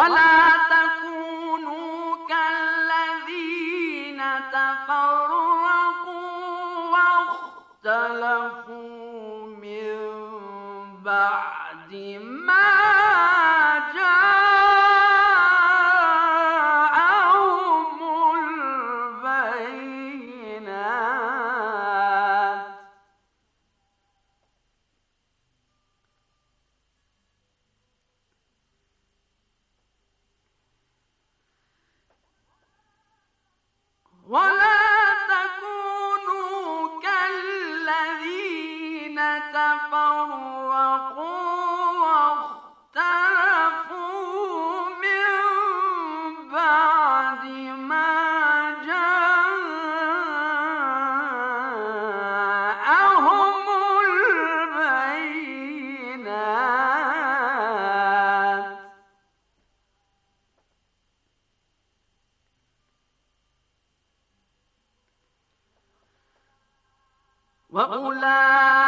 ¡Hola! wa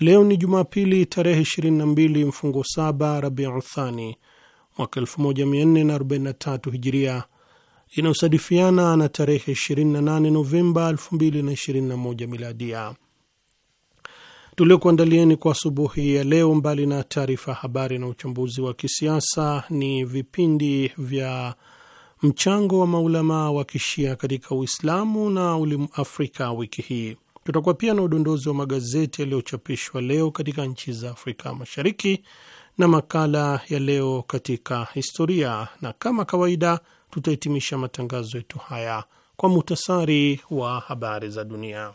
Leo ni Jumapili tarehe 22 mfungo 7 Rabiuthani mwaka 1443 Hijiria, inayosadifiana na tarehe 28 Novemba 2021 Miladia. Tuliokuandalieni kwa asubuhi ya leo, mbali na taarifa habari na uchambuzi wa kisiasa, ni vipindi vya mchango wa maulamaa wa kishia katika Uislamu na Afrika wiki hii Tutakuwa pia na udondozi wa magazeti yaliyochapishwa leo katika nchi za Afrika Mashariki na makala ya leo katika historia, na kama kawaida tutahitimisha matangazo yetu haya kwa muhtasari wa habari za dunia.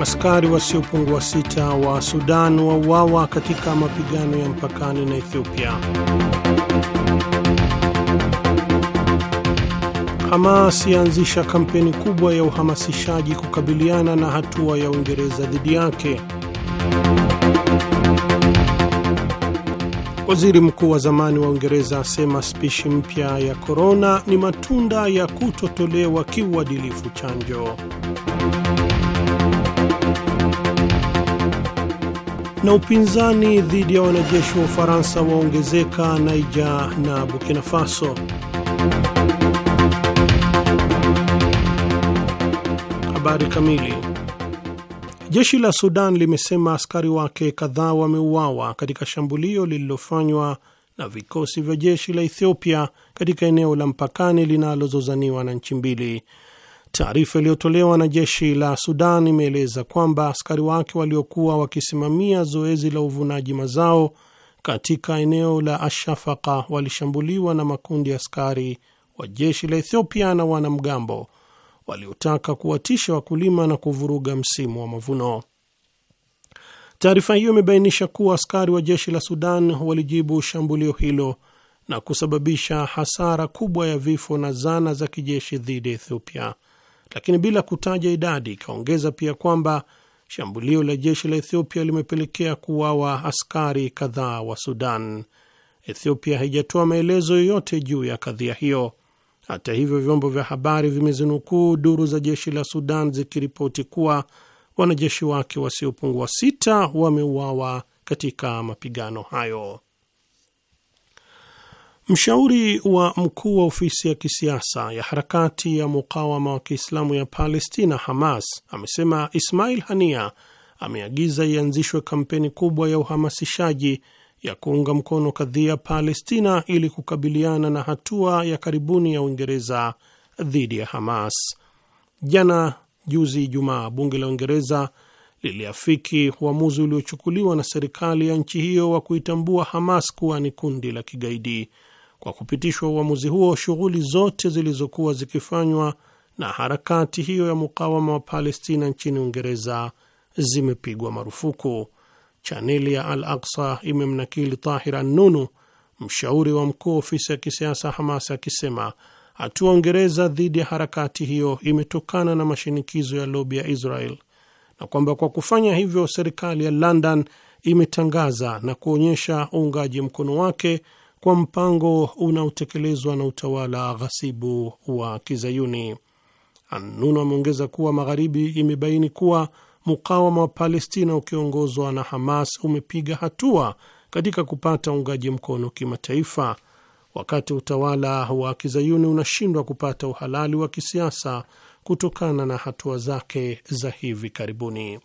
Askari wasiopungua sita wa Sudan wauawa katika mapigano ya mpakani na Ethiopia. Hamas yaanzisha kampeni kubwa ya uhamasishaji kukabiliana na hatua ya Uingereza dhidi yake. Waziri mkuu wa zamani wa Uingereza asema spishi mpya ya korona ni matunda ya kutotolewa kiuadilifu chanjo. na upinzani dhidi ya wanajeshi wa Ufaransa waongezeka naija na Burkina Faso. Habari kamili. Jeshi la Sudan limesema askari wake kadhaa wameuawa katika shambulio lililofanywa na vikosi vya jeshi la Ethiopia katika eneo la mpakani linalozozaniwa na nchi mbili. Taarifa iliyotolewa na jeshi la Sudan imeeleza kwamba askari wake waliokuwa wakisimamia zoezi la uvunaji mazao katika eneo la Ashafaka walishambuliwa na makundi ya askari wa jeshi la Ethiopia na wanamgambo waliotaka kuwatisha wakulima na kuvuruga msimu wa mavuno. Taarifa hiyo imebainisha kuwa askari wa jeshi la Sudan walijibu shambulio hilo na kusababisha hasara kubwa ya vifo na zana za kijeshi dhidi ya Ethiopia lakini bila kutaja idadi. Ikaongeza pia kwamba shambulio la jeshi la Ethiopia limepelekea kuuawa askari kadhaa wa Sudan. Ethiopia haijatoa maelezo yoyote juu ya kadhia hiyo. Hata hivyo, vyombo vya habari vimezinukuu duru za jeshi la Sudan zikiripoti kuwa wanajeshi wake wasiopungua sita wameuawa katika mapigano hayo. Mshauri wa mkuu wa ofisi ya kisiasa ya harakati ya mukawama wa Kiislamu ya Palestina, Hamas, amesema Ismail Hania ameagiza ianzishwe kampeni kubwa ya uhamasishaji ya kuunga mkono kadhia Palestina ili kukabiliana na hatua ya karibuni ya Uingereza dhidi ya Hamas. Jana juzi Ijumaa, bunge la Uingereza liliafiki uamuzi uliochukuliwa na serikali ya nchi hiyo wa kuitambua Hamas kuwa ni kundi la kigaidi. Kwa kupitishwa uamuzi huo, shughuli zote zilizokuwa zikifanywa na harakati hiyo ya mukawama wa Palestina nchini Uingereza zimepigwa marufuku. Chaneli ya Al Aksa imemnakili Tahir Annunu, mshauri wa mkuu ofisi ya kisiasa Hamas, akisema hatua Uingereza dhidi ya harakati hiyo imetokana na mashinikizo ya lobi ya Israel na kwamba kwa kufanya hivyo serikali ya London imetangaza na kuonyesha uungaji mkono wake kwa mpango unaotekelezwa na utawala ghasibu wa Kizayuni. annun ameongeza kuwa Magharibi imebaini kuwa mukawama wa Palestina ukiongozwa na Hamas umepiga hatua katika kupata uungaji mkono kimataifa, wakati utawala wa Kizayuni unashindwa kupata uhalali wa kisiasa kutokana na hatua zake za hivi karibuni.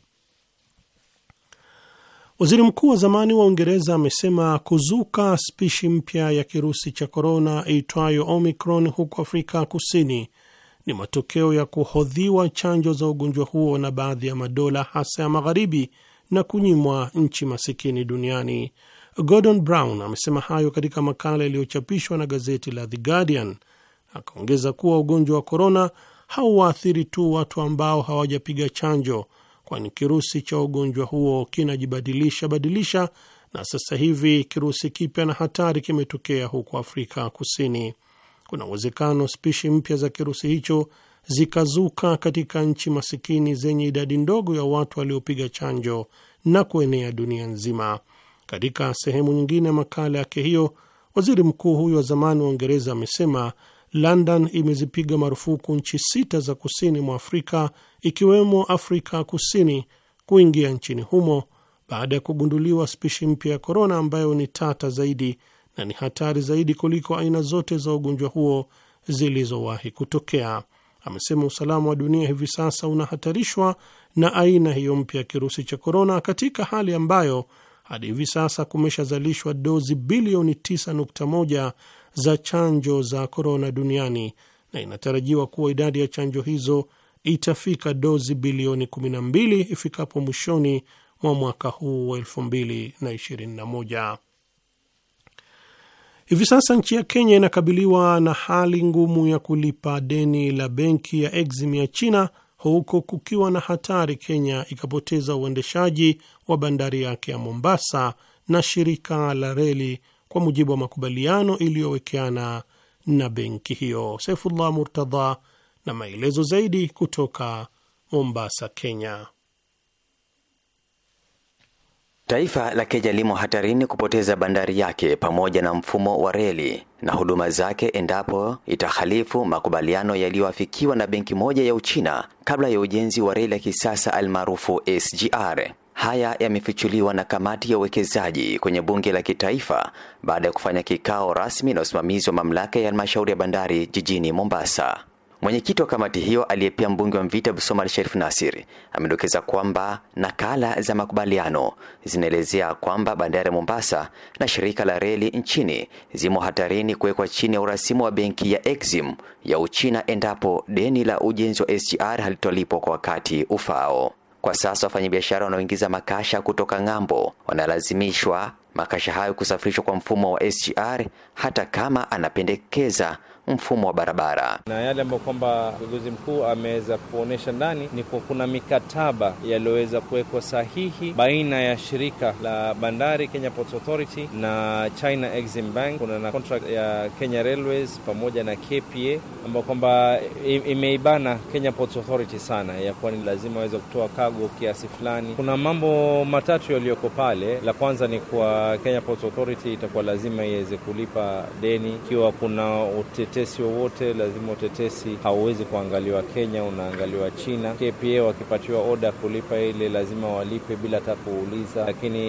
Waziri mkuu wa zamani wa Uingereza amesema kuzuka spishi mpya ya kirusi cha korona iitwayo Omicron huko Afrika Kusini ni matokeo ya kuhodhiwa chanjo za ugonjwa huo na baadhi ya madola hasa ya magharibi na kunyimwa nchi masikini duniani. Gordon Brown amesema hayo katika makala iliyochapishwa na gazeti la The Guardian. Akaongeza kuwa ugonjwa wa korona hauwaathiri tu watu ambao hawajapiga chanjo kwani kirusi cha ugonjwa huo kinajibadilisha badilisha, na sasa hivi kirusi kipya na hatari kimetokea huko Afrika Kusini. Kuna uwezekano spishi mpya za kirusi hicho zikazuka katika nchi masikini zenye idadi ndogo ya watu waliopiga chanjo na kuenea dunia nzima. Katika sehemu nyingine ya makala yake hiyo, waziri mkuu huyo wa zamani wa Uingereza amesema London imezipiga marufuku nchi sita za kusini mwa Afrika ikiwemo Afrika Kusini kuingia nchini humo baada ya kugunduliwa spishi mpya ya korona ambayo ni tata zaidi na ni hatari zaidi kuliko aina zote za ugonjwa huo zilizowahi kutokea. Amesema usalama wa dunia hivi sasa unahatarishwa na aina hiyo mpya ya kirusi cha korona, katika hali ambayo hadi hivi sasa kumeshazalishwa dozi bilioni 9.1 za chanjo za korona duniani na inatarajiwa kuwa idadi ya chanjo hizo itafika dozi bilioni 12 ifikapo mwishoni mwa mwaka huu wa 2021. Hivi sasa nchi ya Kenya inakabiliwa na hali ngumu ya kulipa deni la benki ya Exim ya China, huku kukiwa na hatari Kenya ikapoteza uendeshaji wa bandari yake ya Mombasa na shirika la reli kwa mujibu wa makubaliano iliyowekeana na benki hiyo. Saifullah Murtadha na maelezo zaidi kutoka Mombasa, Kenya. Taifa la Kenya limo hatarini kupoteza bandari yake pamoja na mfumo wa reli na huduma zake endapo itahalifu makubaliano yaliyoafikiwa na benki moja ya Uchina kabla ya ujenzi wa reli ya kisasa almaarufu SGR. Haya yamefichuliwa na kamati ya uwekezaji kwenye bunge la kitaifa baada ya kufanya kikao rasmi na usimamizi wa mamlaka ya halmashauri ya bandari jijini Mombasa. Mwenyekiti wa kamati hiyo aliyepia mbunge wa Mvita Abdulswamad Sharif nasiri amedokeza kwamba nakala za makubaliano zinaelezea kwamba bandari ya Mombasa na shirika la reli nchini zimo hatarini kuwekwa chini ya urasimu wa benki ya Exim ya Uchina endapo deni la ujenzi wa SGR halitolipwa kwa wakati ufao Kwa sasa wafanyabiashara wanaoingiza makasha kutoka ng'ambo wanalazimishwa makasha hayo kusafirishwa kwa mfumo wa SGR hata kama anapendekeza mfumo wa barabara. Na yale ambayo kwamba mkaguzi mkuu ameweza kuonyesha ndani ni kwa kuna mikataba yaliyoweza kuwekwa sahihi baina ya shirika la bandari Kenya Ports Authority na China Exim Bank. Kuna na contract ya Kenya Railways pamoja na KPA ambayo kwamba imeibana Kenya Ports Authority sana, ya kuwa ni lazima waweze kutoa kago kiasi fulani. Kuna mambo matatu yaliyoko pale. La kwanza ni kwa Kenya Ports Authority itakuwa lazima iweze kulipa deni ikiwa kuna utete utetesi wowote, lazima utetesi hauwezi kuangaliwa Kenya, unaangaliwa China. KPA wakipatiwa oda kulipa ile, lazima walipe bila hata kuuliza. Lakini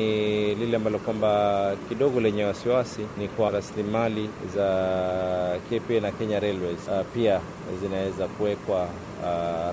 lile ambalo kwamba kidogo lenye wasiwasi ni kwa rasilimali za KPA na Kenya Railways ah, pia zinaweza kuwekwa Uh,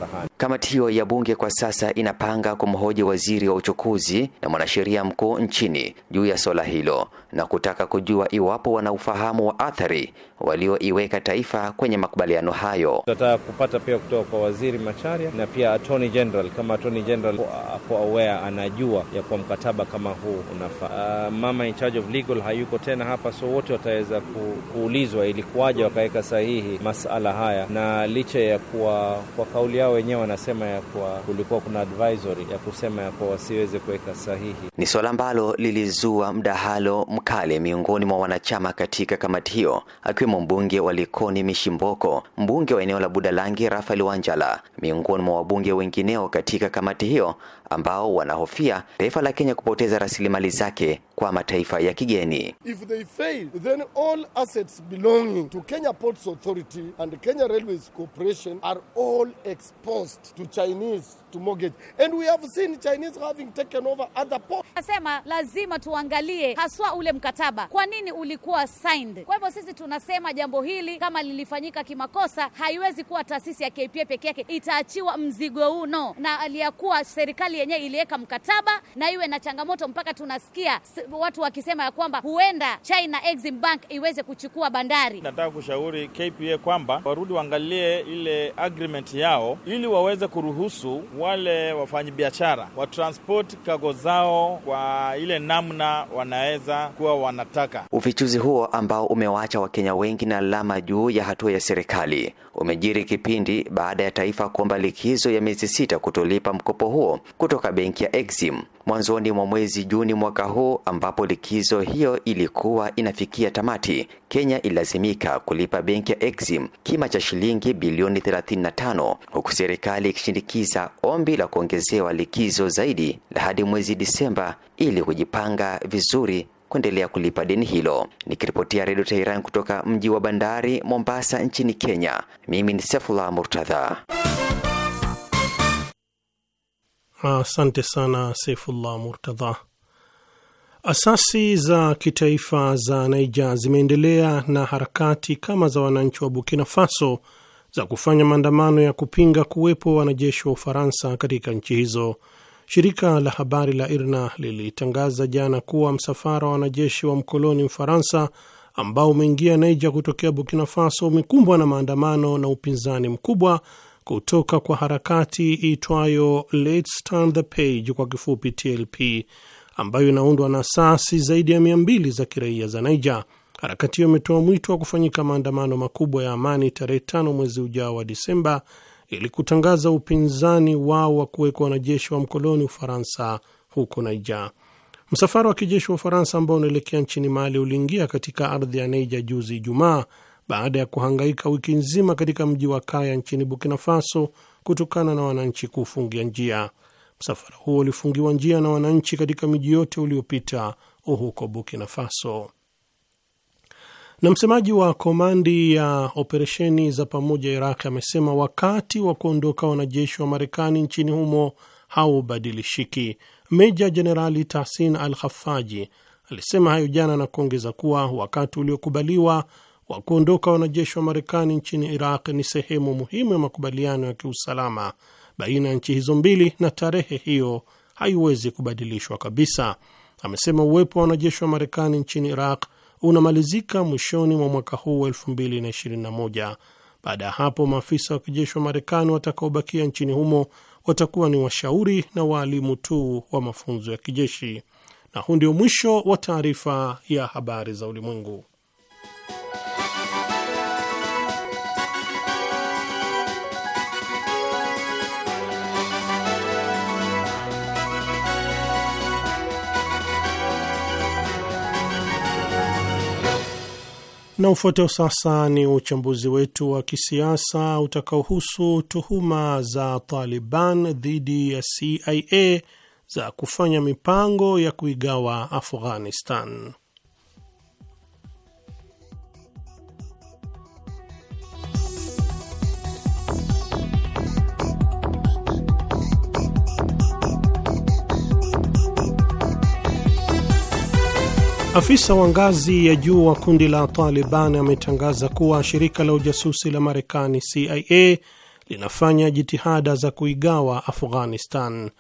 rahani. Kamati hiyo ya bunge kwa sasa inapanga kumhoji waziri wa uchukuzi na mwanasheria mkuu nchini juu ya swala hilo na kutaka kujua iwapo wana ufahamu wa athari walioiweka taifa kwenye makubaliano hayo. Tunataka kupata pia kutoka kwa waziri Macharia na pia attorney general, kama attorney general ako aware, anajua ya kwa mkataba kama huu unafaa. Uh, mama in charge of legal hayuko tena hapa, so wote wataweza ku, kuulizwa ilikuwaje wakaweka sahihi masala haya, na licha ya kuwa kwa kwa kauli yao wenyewe wanasema ya kuwa kulikuwa kuna advisory ya kusema ya kuwa wasiweze kuweka sahihi. Ni suala ambalo lilizua mdahalo mkali miongoni mwa wanachama katika kamati hiyo, akiwemo mbunge wa Likoni Mishimboko, mbunge wa eneo la Budalangi Rafael Wanjala, miongoni mwa wabunge wengineo katika kamati hiyo ambao wanahofia taifa la Kenya kupoteza rasilimali zake kwa mataifa ya kigeni. If they fail, then all assets belonging to Kenya Ports Authority and Kenya Railways Corporation are all exposed to Chinese to mortgage. And we have seen Chinese having taken over other ports. Nasema lazima tuangalie haswa ule mkataba. Kwa nini ulikuwa signed? Kwa hivyo sisi tunasema jambo hili kama lilifanyika kimakosa haiwezi kuwa taasisi ya KPA peke yake itaachiwa mzigo huu no, na aliyakuwa serikali serikali yenyewe iliweka mkataba na iwe na changamoto, mpaka tunasikia watu wakisema ya kwamba huenda China Exim Bank iweze kuchukua bandari. Nataka kushauri KPA kwamba warudi waangalie ile agreement yao, ili waweze kuruhusu wale wafanyabiashara transport kago zao kwa ile namna wanaweza kuwa wanataka. Ufichuzi huo ambao umewaacha Wakenya wengi na alama juu ya hatua ya serikali umejiri kipindi baada ya taifa kuomba likizo ya miezi sita kutolipa mkopo huo kutoka benki ya Exim mwanzoni mwa mwezi Juni mwaka huu, ambapo likizo hiyo ilikuwa inafikia tamati. Kenya ililazimika kulipa benki ya Exim kima cha shilingi bilioni 35 huku serikali ikishinikiza ombi la kuongezewa likizo zaidi la hadi mwezi Disemba ili kujipanga vizuri kuendelea kulipa deni hilo. Nikiripotia Redio Teheran kutoka mji wa bandari Mombasa nchini Kenya, mimi ni Sefula Murtadha. Asante sana Saifullah Murtadha. Asasi za kitaifa za Naija zimeendelea na harakati kama za wananchi wa Burkina Faso za kufanya maandamano ya kupinga kuwepo wanajeshi wa Ufaransa katika nchi hizo. Shirika la habari la IRNA lilitangaza jana kuwa msafara wa wanajeshi wa mkoloni Mfaransa ambao umeingia Niger kutokea Burkina Faso umekumbwa na maandamano na upinzani mkubwa kutoka kwa harakati iitwayo Let's Turn the Page, kwa kifupi TLP, ambayo inaundwa na asasi zaidi ya mia mbili za kiraia za Niger. Harakati hiyo imetoa mwito wa kufanyika maandamano makubwa ya amani tarehe tano mwezi ujao wa Disemba ili kutangaza upinzani wao wa kuwekwa wanajeshi wa mkoloni Ufaransa huko Naija. Msafara wa kijeshi wa Ufaransa ambao unaelekea nchini Mali uliingia katika ardhi ya neija juzi Ijumaa baada ya kuhangaika wiki nzima katika mji wa Kaya nchini Burkina Faso kutokana na wananchi kuufungia njia. Msafara huo ulifungiwa njia na wananchi katika miji yote uliopita huko Burkina Faso. Na msemaji wa komandi ya operesheni za pamoja Iraq amesema wakati wa kuondoka wanajeshi wa Marekani nchini humo haubadilishiki. Meja Jenerali Tahsin Al Khafaji alisema hayo jana na kuongeza kuwa wakati uliokubaliwa wa kuondoka wanajeshi wa Marekani nchini Iraq ni sehemu muhimu ya makubaliano ya kiusalama baina ya nchi hizo mbili na tarehe hiyo haiwezi kubadilishwa kabisa. Amesema uwepo wa wanajeshi wa Marekani nchini Iraq unamalizika mwishoni mwa mwaka huu wa 2021. Baada ya hapo, maafisa wa kijeshi wa Marekani watakaobakia nchini humo watakuwa ni washauri na waalimu tu wa mafunzo ya kijeshi. Na huu ndio mwisho wa taarifa ya habari za ulimwengu. Na ufuatao sasa ni uchambuzi wetu wa kisiasa utakaohusu tuhuma za Taliban dhidi ya CIA za kufanya mipango ya kuigawa Afghanistan. Afisa wa ngazi ya juu wa kundi la Taliban ametangaza kuwa shirika la ujasusi la Marekani CIA linafanya jitihada za kuigawa Afghanistan.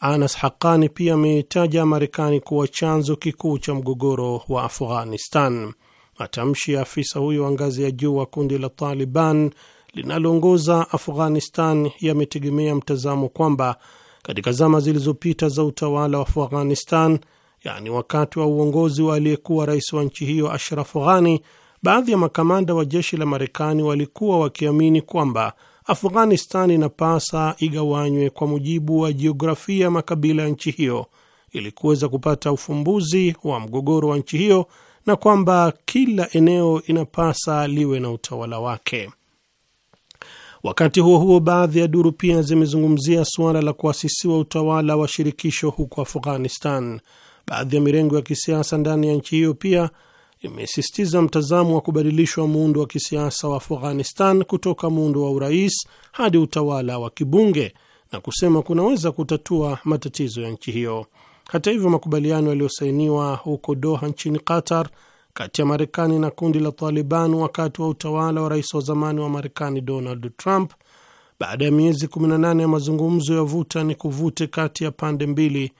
Anas Haqani pia ameitaja Marekani kuwa chanzo kikuu cha mgogoro wa Afghanistan. Matamshi ya afisa huyo wa ngazi ya juu wa kundi la Taliban linaloongoza Afghanistan yametegemea mtazamo kwamba katika zama zilizopita za utawala wa Afghanistan yaani wakati wa uongozi wa aliyekuwa rais wa nchi hiyo Ashraf Ghani, baadhi ya makamanda wa jeshi la Marekani walikuwa wakiamini kwamba Afghanistan inapasa igawanywe kwa mujibu wa jiografia ya makabila ya nchi hiyo ili kuweza kupata ufumbuzi wa mgogoro wa nchi hiyo na kwamba kila eneo inapasa liwe na utawala wake. Wakati huo huo, baadhi ya duru pia zimezungumzia suala la kuasisiwa utawala wa shirikisho huko Afghanistan. Baadhi ya mirengo ya kisiasa ndani ya nchi hiyo pia imesisitiza mtazamo wa kubadilishwa muundo wa kisiasa wa Afghanistan kutoka muundo wa urais hadi utawala wa kibunge na kusema kunaweza kutatua matatizo ya nchi hiyo. Hata hivyo, makubaliano yaliyosainiwa huko Doha nchini Qatar kati ya Marekani na kundi la Taliban wakati wa utawala wa rais wa zamani wa Marekani Donald Trump, baada ya miezi 18 ya mazungumzo ya vuta ni kuvute kati ya pande mbili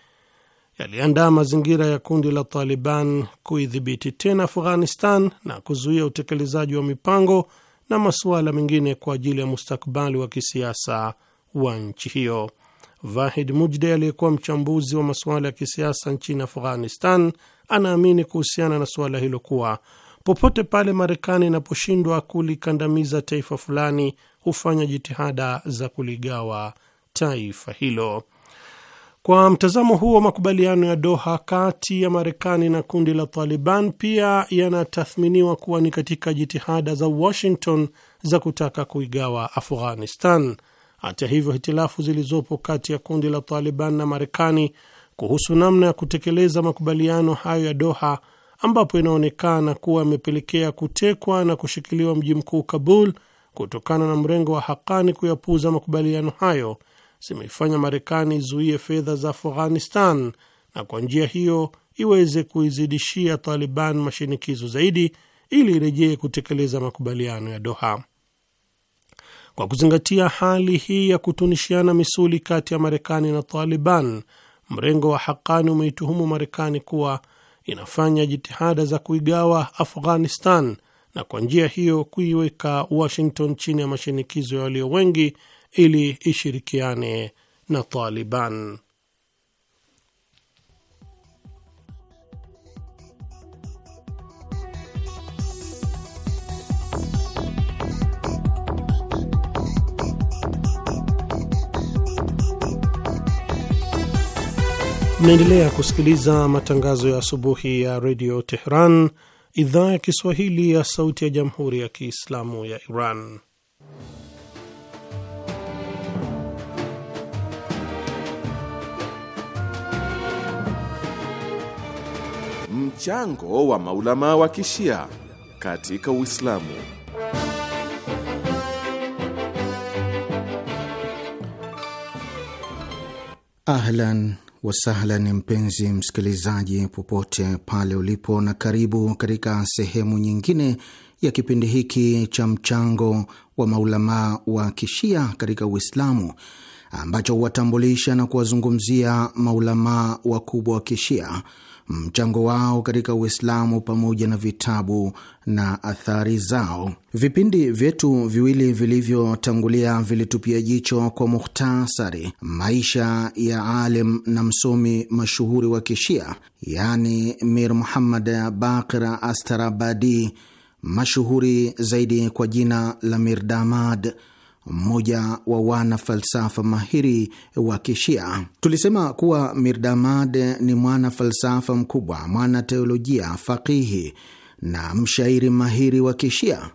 yaliandaa mazingira ya kundi la Taliban kuidhibiti tena Afghanistan na kuzuia utekelezaji wa mipango na masuala mengine kwa ajili ya mustakbali wa kisiasa wa nchi hiyo. Vahid Mujde aliyekuwa mchambuzi wa masuala ya kisiasa nchini Afghanistan anaamini kuhusiana na suala hilo kuwa popote pale Marekani inaposhindwa kulikandamiza taifa fulani hufanya jitihada za kuligawa taifa hilo. Kwa mtazamo huo, makubaliano ya Doha kati ya Marekani na kundi la Taliban pia yanatathminiwa kuwa ni katika jitihada za Washington za kutaka kuigawa Afghanistan. Hata hivyo, hitilafu zilizopo kati ya kundi la Taliban na Marekani kuhusu namna ya kutekeleza makubaliano hayo ya Doha, ambapo inaonekana kuwa yamepelekea kutekwa na kushikiliwa mji mkuu Kabul kutokana na mrengo wa Hakani kuyapuuza makubaliano hayo zimeifanya Marekani izuie fedha za Afghanistan na kwa njia hiyo iweze kuizidishia Taliban mashinikizo zaidi ili irejee kutekeleza makubaliano ya Doha. Kwa kuzingatia hali hii ya kutunishiana misuli kati ya Marekani na Taliban, mrengo wa haqani umeituhumu Marekani kuwa inafanya jitihada za kuigawa Afghanistan na kwa njia hiyo kuiweka Washington chini ya mashinikizo ya walio wengi ili ishirikiane na Taliban. Naendelea kusikiliza matangazo ya asubuhi ya redio Tehran, idhaa ya Kiswahili ya sauti ya jamhuri ya kiislamu ya Iran. Mchango wa maulama wa kishia katika Uislamu. Ahlan wasahlan, mpenzi msikilizaji, popote pale ulipo, na karibu katika sehemu nyingine ya kipindi hiki cha mchango wa maulamaa wa kishia katika Uislamu ambacho huwatambulisha na kuwazungumzia maulamaa wakubwa wa kishia mchango wao katika Uislamu pamoja na vitabu na athari zao. Vipindi vyetu viwili vilivyotangulia vilitupia jicho kwa mukhtasari maisha ya alim na msomi mashuhuri wa Kishia, yani Mir Muhammad Baqir Astarabadi, mashuhuri zaidi kwa jina la Mirdamad mmoja wa wana falsafa mahiri wa Kishia. Tulisema kuwa Mirdamad ni mwana falsafa mkubwa, mwana teolojia, fakihi na mshairi mahiri wa Kishia.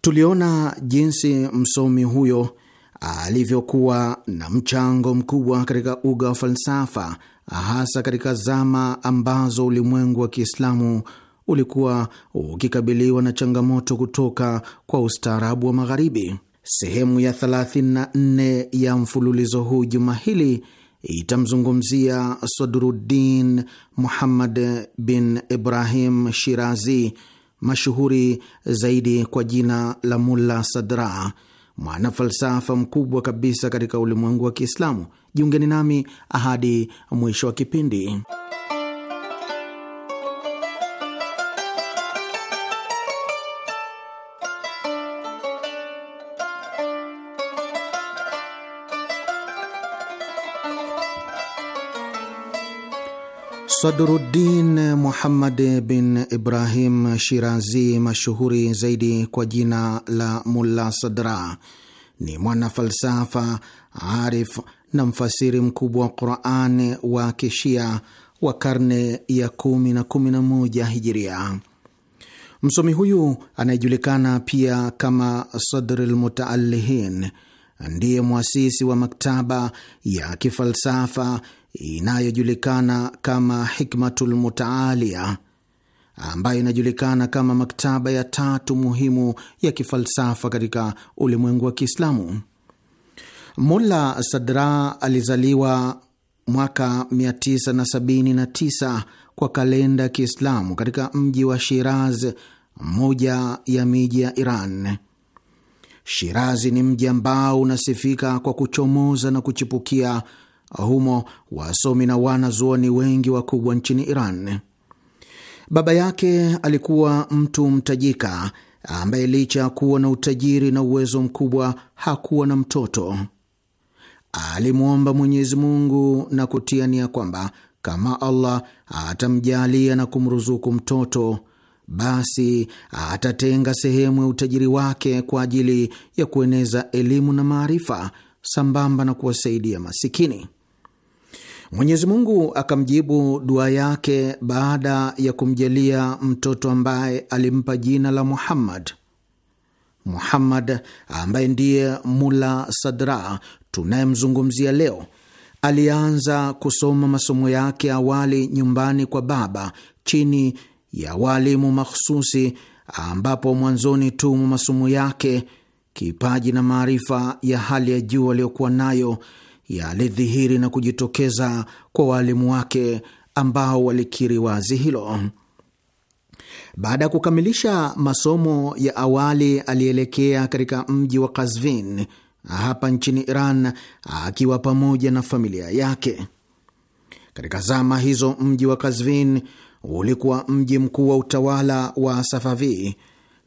Tuliona jinsi msomi huyo alivyokuwa na mchango mkubwa katika uga wa falsafa, hasa katika zama ambazo ulimwengu wa Kiislamu ulikuwa ukikabiliwa na changamoto kutoka kwa ustaarabu wa Magharibi. Sehemu ya 34 ya mfululizo huu juma hili itamzungumzia Sadruddin Muhammad bin Ibrahim Shirazi, mashuhuri zaidi kwa jina la Mulla Sadra, mwanafalsafa mkubwa kabisa katika ulimwengu wa Kiislamu. Jiungeni nami ahadi mwisho wa kipindi. Sadruddin Muhammad bin Ibrahim Shirazi, mashuhuri zaidi kwa jina la Mulla Sadra, ni mwana falsafa arif na mfasiri mkubwa wa quran wa Kishia wa karne ya kumi na kumi na moja hijiria. Msomi huyu anayejulikana pia kama Sadr Lmutaalihin ndiye mwasisi wa maktaba ya kifalsafa inayojulikana kama Hikmatul Mutaalia, ambayo inajulikana kama maktaba ya tatu muhimu ya kifalsafa katika ulimwengu wa Kiislamu. Mulla Sadra alizaliwa mwaka 979 kwa kalenda ya Kiislamu katika mji wa Shiraz, moja ya miji ya Iran. Shirazi ni mji ambao unasifika kwa kuchomoza na kuchipukia humo wasomi na wanazuoni wengi wakubwa nchini Iran. Baba yake alikuwa mtu mtajika ambaye licha ya kuwa na utajiri na uwezo mkubwa hakuwa na mtoto. Alimwomba Mwenyezi Mungu na kutia nia kwamba kama Allah atamjalia na kumruzuku mtoto, basi atatenga sehemu ya utajiri wake kwa ajili ya kueneza elimu na maarifa sambamba na kuwasaidia masikini. Mwenyezi Mungu akamjibu dua yake baada ya kumjalia mtoto ambaye alimpa jina la Muhammad. Muhammad ambaye ndiye Mula Sadra tunayemzungumzia leo alianza kusoma masomo yake awali nyumbani kwa baba chini ya waalimu makhususi, ambapo mwanzoni tu mwa masomo yake kipaji na maarifa ya hali ya juu aliyokuwa nayo yalidhihiri na kujitokeza kwa waalimu wake ambao walikiri wazi hilo. Baada ya kukamilisha masomo ya awali, alielekea katika mji wa Kazvin hapa nchini Iran akiwa pamoja na familia yake. Katika zama hizo, mji wa Kazvin ulikuwa mji mkuu wa utawala wa Safavi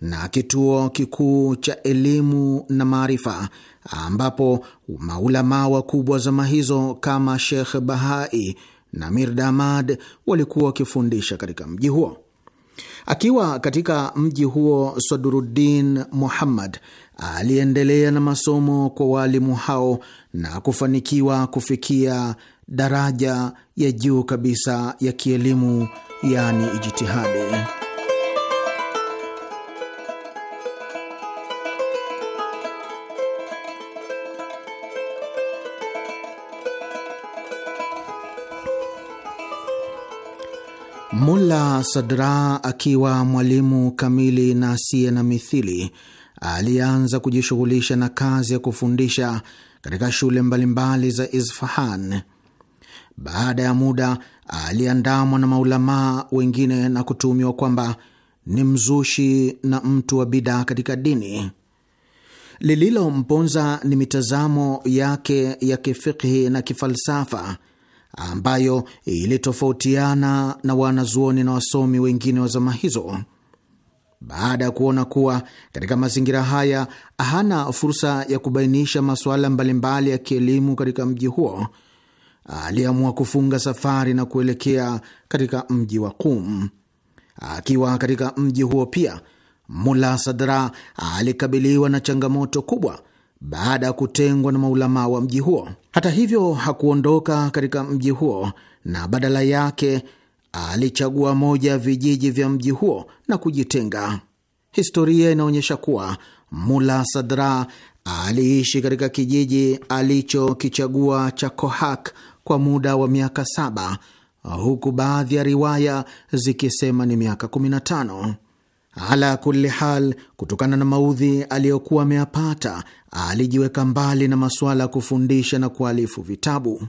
na kituo kikuu cha elimu na maarifa ambapo maulamaa wakubwa zama hizo kama Shekh Bahai na Mirdamad walikuwa wakifundisha katika mji huo. Akiwa katika mji huo, Saduruddin Muhammad aliendelea na masomo kwa waalimu hao na kufanikiwa kufikia daraja ya juu kabisa ya kielimu, yaani ijtihadi. Mulla Sadra akiwa mwalimu kamili na asiye na mithili, alianza kujishughulisha na kazi ya kufundisha katika shule mbalimbali za Isfahan. Baada ya muda, aliandamwa na maulamaa wengine na kutuhumiwa kwamba ni mzushi na mtu wa bidaa katika dini. Lililomponza ni mitazamo yake ya kifikhi na kifalsafa ambayo ilitofautiana na wanazuoni na wasomi wengine wa zama hizo. Baada ya kuona kuwa katika mazingira haya hana fursa ya kubainisha masuala mbalimbali ya kielimu katika mji huo, aliamua kufunga safari na kuelekea katika mji wa Qum. Akiwa katika mji huo pia, Mula Sadra alikabiliwa na changamoto kubwa baada ya kutengwa na maulamaa wa mji huo. Hata hivyo, hakuondoka katika mji huo na badala yake alichagua moja ya vijiji vya mji huo na kujitenga. Historia inaonyesha kuwa Mula Sadra aliishi katika kijiji alichokichagua cha Kohak kwa muda wa miaka saba huku baadhi ya riwaya zikisema ni miaka 15. Ala kulli hal, kutokana na maudhi aliyokuwa ameyapata, alijiweka mbali na masuala ya kufundisha na kualifu vitabu.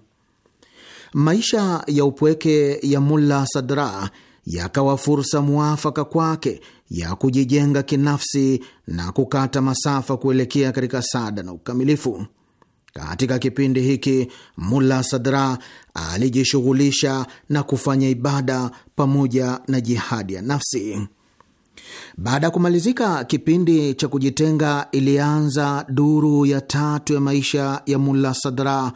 Maisha ya upweke ya Mulla Sadra yakawa fursa mwafaka kwake ya kujijenga kinafsi na kukata masafa kuelekea katika saada na ukamilifu. Katika kipindi hiki Mulla Sadra alijishughulisha na kufanya ibada pamoja na jihadi ya nafsi. Baada ya kumalizika kipindi cha kujitenga, ilianza duru ya tatu ya maisha ya Mulla Sadra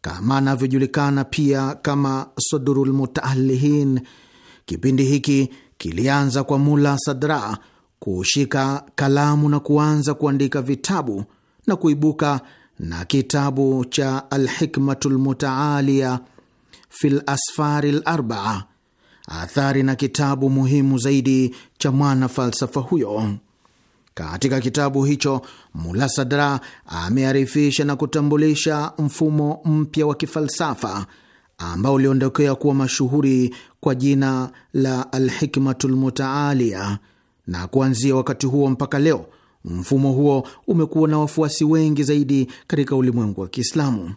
kama anavyojulikana pia kama sudurulmutaalihin Mutaalihin. Kipindi hiki kilianza kwa Mulla Sadra kushika kalamu na kuanza kuandika vitabu na kuibuka na kitabu cha Alhikmatu lmutaalia fi lasfari larbaa athari na kitabu muhimu zaidi cha mwana falsafa huyo. Katika kitabu hicho Mulasadra amearifisha na kutambulisha mfumo mpya wa kifalsafa ambao uliondokea kuwa mashuhuri kwa jina la Alhikmatu lmutaalia, na kuanzia wakati huo mpaka leo mfumo huo umekuwa na wafuasi wengi zaidi katika ulimwengu wa Kiislamu.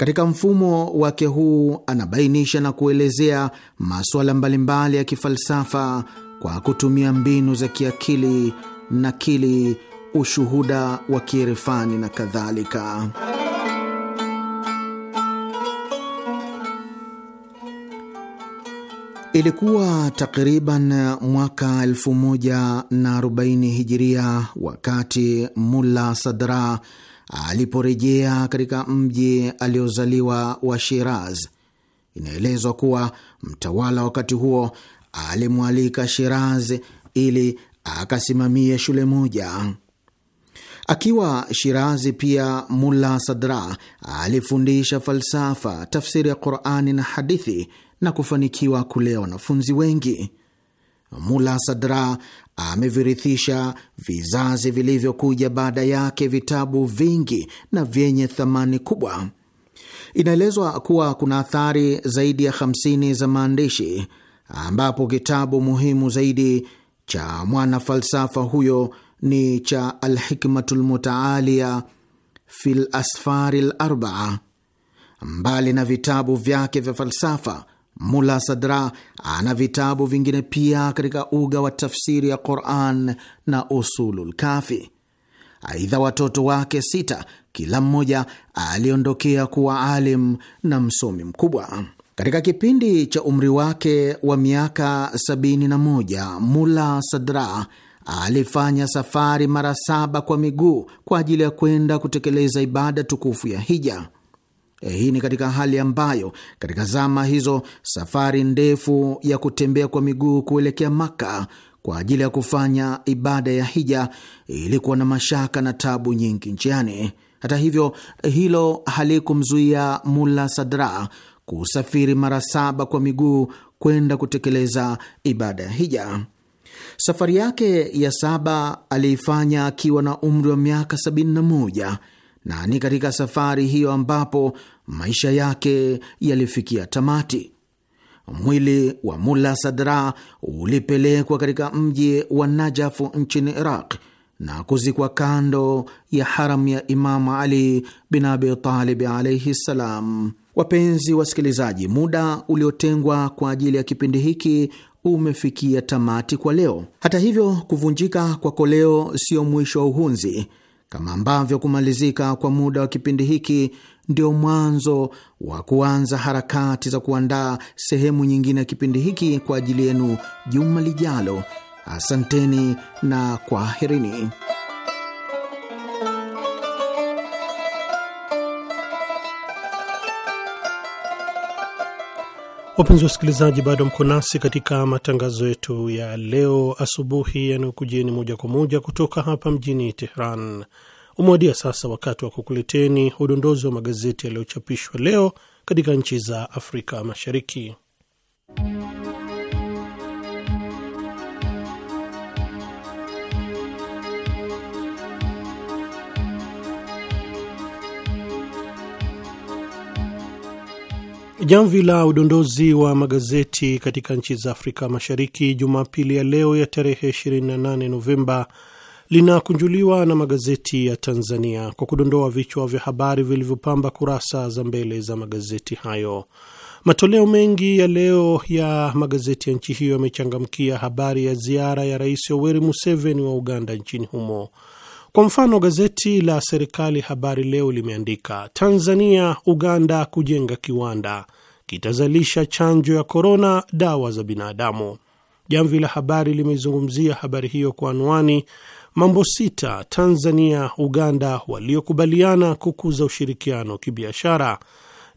Katika mfumo wake huu anabainisha na kuelezea masuala mbalimbali ya kifalsafa kwa kutumia mbinu za kiakili, nakili, ushuhuda wa kierefani na kadhalika. Ilikuwa takriban mwaka 1040 hijiria wakati Mulla Sadra aliporejea katika mji aliozaliwa wa Shiraz. Inaelezwa kuwa mtawala wakati huo alimwalika Shiraz ili akasimamie shule moja. Akiwa Shirazi pia Mulla Sadra alifundisha falsafa, tafsiri ya Qurani na hadithi na kufanikiwa kulea wanafunzi wengi. Mula Sadra amevirithisha vizazi vilivyokuja baada yake vitabu vingi na vyenye thamani kubwa. Inaelezwa kuwa kuna athari zaidi ya 50 za maandishi, ambapo kitabu muhimu zaidi cha mwana falsafa huyo ni cha Alhikmatu lmutaalia fi lasfari larbaa. Mbali na vitabu vyake vya falsafa Mula Sadra ana vitabu vingine pia katika uga wa tafsiri ya Quran na Usulul Kafi. Aidha, watoto wake sita kila mmoja aliondokea kuwa alim na msomi mkubwa. Katika kipindi cha umri wake wa miaka 71 Mula Sadra alifanya safari mara saba kwa miguu kwa ajili ya kwenda kutekeleza ibada tukufu ya hija. E, hii ni katika hali ambayo katika zama hizo safari ndefu ya kutembea kwa miguu kuelekea Maka kwa ajili ya kufanya ibada ya hija ilikuwa na mashaka na tabu nyingi njiani. Hata hivyo, hilo halikumzuia Mula Sadra kusafiri mara saba kwa miguu kwenda kutekeleza ibada ya hija. Safari yake ya saba aliifanya akiwa na umri wa miaka 71 na ni katika safari hiyo ambapo maisha yake yalifikia tamati. Mwili wa Mula Sadra ulipelekwa katika mji wa Najafu nchini Iraq na kuzikwa kando ya haram ya Imamu Ali bin Abi Talib alaihi ssalam. Wapenzi wasikilizaji, muda uliotengwa kwa ajili ya kipindi hiki umefikia tamati kwa leo. Hata hivyo, kuvunjika kwa koleo sio mwisho wa uhunzi, kama ambavyo kumalizika kwa muda wa kipindi hiki ndio mwanzo wa kuanza harakati za kuandaa sehemu nyingine ya kipindi hiki kwa ajili yenu juma lijalo. Asanteni na kwaherini. Wapenzi wa wasikilizaji, bado mko nasi katika matangazo yetu ya leo asubuhi yanayokujieni moja kwa moja kutoka hapa mjini Tehran. Umewadia sasa wakati wa kukuleteni udondozi wa magazeti yaliyochapishwa leo katika nchi za Afrika Mashariki. Jamvi la udondozi wa magazeti katika nchi za Afrika Mashariki Jumapili ya leo ya tarehe 28 Novemba linakunjuliwa na magazeti ya Tanzania kwa kudondoa vichwa vya habari vilivyopamba kurasa za mbele za magazeti hayo. Matoleo mengi ya leo ya magazeti ya nchi hiyo yamechangamkia habari ya ziara ya Rais Yoweri Museveni wa Uganda nchini humo. Kwa mfano, gazeti la serikali Habari Leo limeandika Tanzania Uganda kujenga kiwanda kitazalisha chanjo ya korona, dawa za binadamu. Jamvi la Habari limezungumzia habari hiyo kwa anwani mambo sita Tanzania Uganda waliokubaliana kukuza ushirikiano wa kibiashara.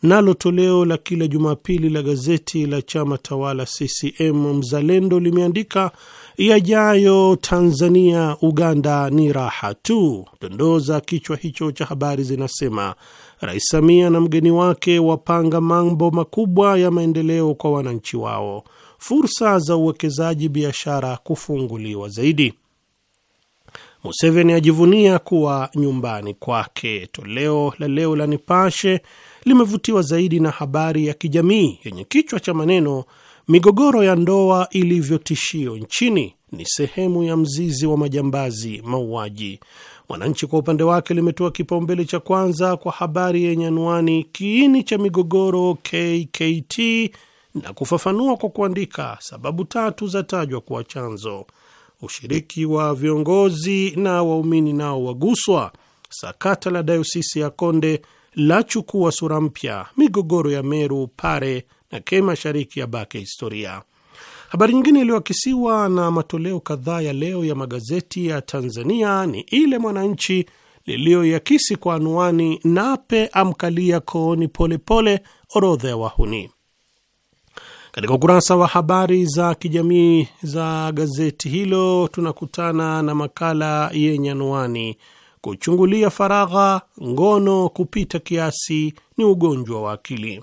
Nalo toleo la kila Jumapili la gazeti la chama tawala CCM Mzalendo limeandika yajayo Tanzania, Uganda ni raha tu. za kichwa hicho cha habari zinasema Rais Samia na mgeni wake wapanga mambo makubwa ya maendeleo kwa wananchi wao, fursa za uwekezaji biashara kufunguliwa zaidi. Museveni ajivunia kuwa nyumbani kwake. Toleo la leo la Nipashe limevutiwa zaidi na habari ya kijamii yenye kichwa cha maneno migogoro ya ndoa ilivyo tishio nchini ni sehemu ya mzizi wa majambazi, mauaji. Mwananchi kwa upande wake limetoa kipaumbele cha kwanza kwa habari yenye anwani kiini cha migogoro KKT na kufafanua kwa kuandika, sababu tatu zatajwa kuwa chanzo: ushiriki wa viongozi na waumini nao waguswa, sakata la dayosisi ya Konde la chukua sura mpya, migogoro ya Meru, Pare na ke mashariki bake historia. Habari nyingine iliyoakisiwa na matoleo kadhaa ya leo ya magazeti ya Tanzania ni ile Mwananchi liliyoiakisi kwa anuani Nape amkalia kooni polepole, orodha ya wahuni. Katika ukurasa wa habari za kijamii za gazeti hilo tunakutana na makala yenye anuani kuchungulia faragha, ngono kupita kiasi ni ugonjwa wa akili.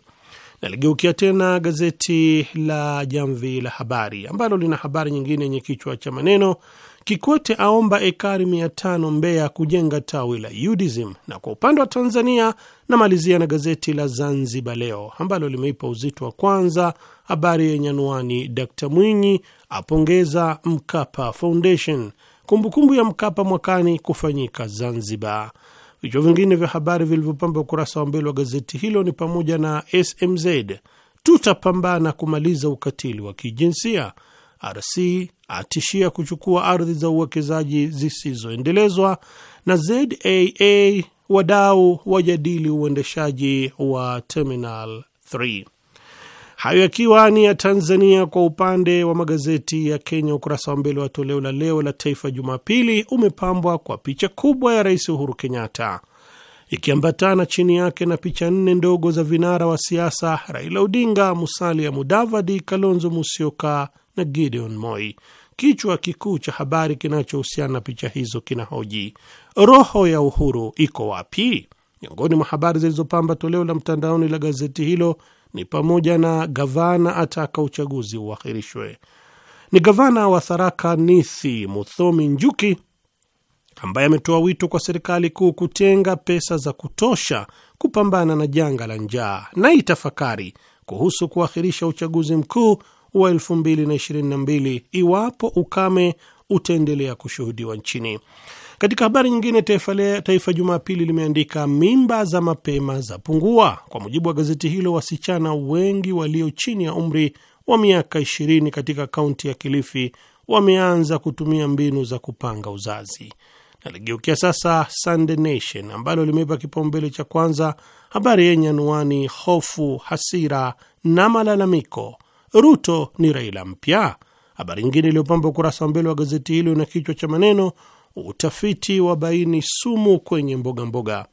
Naligeukia tena gazeti la Jamvi la Habari ambalo lina habari nyingine yenye kichwa cha maneno Kikwete aomba ekari mia tano Mbeya kujenga tawi la UDSM. Na kwa upande wa Tanzania namalizia na gazeti la Zanzibar Leo ambalo limeipa uzito wa kwanza habari yenye anwani Dkt Mwinyi apongeza Mkapa Foundation, kumbukumbu ya Mkapa mwakani kufanyika Zanzibar. Vichwa vingine vya habari vilivyopamba ukurasa wa mbele wa gazeti hilo ni pamoja na SMZ tutapambana kumaliza ukatili wa kijinsia, RC atishia kuchukua ardhi za uwekezaji zisizoendelezwa, na ZAA wadau wajadili uendeshaji wa Terminal 3. Hayo yakiwa ni ya Tanzania. Kwa upande wa magazeti ya Kenya, ukurasa wa mbele wa toleo la leo la Taifa Jumapili umepambwa kwa picha kubwa ya Rais Uhuru Kenyatta ikiambatana chini yake na picha nne ndogo za vinara wa siasa: Raila Odinga, Musalia Mudavadi, Kalonzo Musyoka na Gideon Moi. Kichwa kikuu cha habari kinachohusiana na picha hizo kinahoji roho ya uhuru iko wapi? Miongoni mwa habari zilizopamba toleo la mtandaoni la gazeti hilo ni pamoja na gavana ataka uchaguzi uahirishwe. Ni gavana wa Tharaka Nithi Muthomi Njuki ambaye ametoa wito kwa serikali kuu kutenga pesa za kutosha kupambana na janga la njaa na itafakari kuhusu kuahirisha uchaguzi mkuu wa 2022 iwapo ukame utaendelea kushuhudiwa nchini. Katika habari nyingine, Taifa, Taifa Jumapili limeandika mimba za mapema za pungua Kwa mujibu wa gazeti hilo, wasichana wengi walio chini ya umri wa miaka 20 katika kaunti ya Kilifi wameanza kutumia mbinu za kupanga uzazi. Naligeukia sasa Sunday Nation ambalo limeipa kipaumbele cha kwanza habari yenye anuani hofu, hasira na malalamiko, Ruto ni Raila mpya. Habari nyingine iliyopamba ukurasa wa mbele wa gazeti hilo na kichwa cha maneno utafiti wa baini sumu kwenye mbogamboga mboga.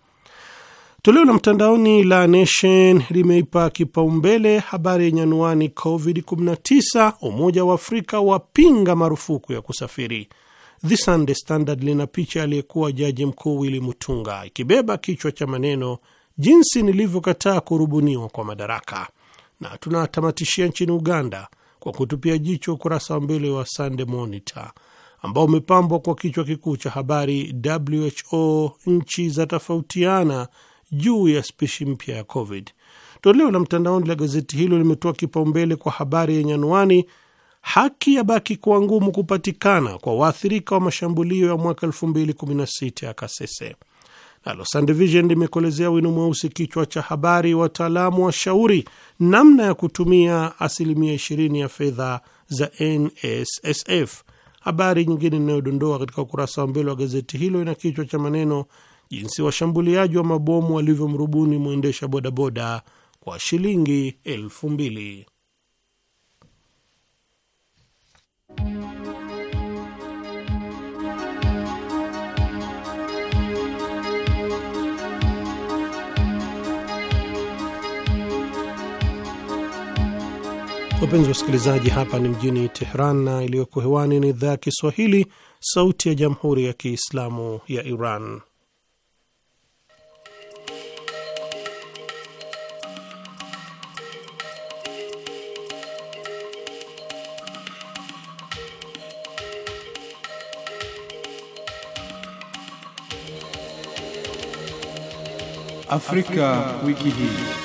Toleo la mtandaoni la Nation limeipa kipaumbele habari yenye anuani COVID-19, Umoja wa Afrika wapinga marufuku ya kusafiri. The Sunday Standard lina picha aliyekuwa jaji mkuu Willy Mutunga ikibeba kichwa cha maneno jinsi nilivyokataa kurubuniwa kwa madaraka. Na tunatamatishia nchini Uganda kwa kutupia jicho ukurasa wa mbele wa Sunday Monitor ambao umepambwa kwa kichwa kikuu cha habari WHO nchi za tofautiana juu ya spishi mpya ya COVID. Toleo la mtandaoni la gazeti hilo limetoa kipaumbele kwa habari yenye anwani haki baki kuwa ngumu kupatikana kwa waathirika wa mashambulio ya mwaka 2016 ya Kasese. Nalo Sun limekolezea wino mweusi kichwa cha habari, wataalamu washauri namna ya kutumia asilimia 20 ya fedha za NSSF. Habari nyingine inayodondoa katika ukurasa wa mbele wa gazeti hilo ina kichwa cha maneno jinsi washambuliaji wa mabomu walivyomrubuni mwendesha bodaboda kwa shilingi elfu mbili. Wapenzi wasikilizaji, hapa ni mjini Tehran na iliyoko hewani ni idhaa ya Kiswahili, Sauti ya Jamhuri ya Kiislamu ya Iran. Afrika, Afrika wiki hii.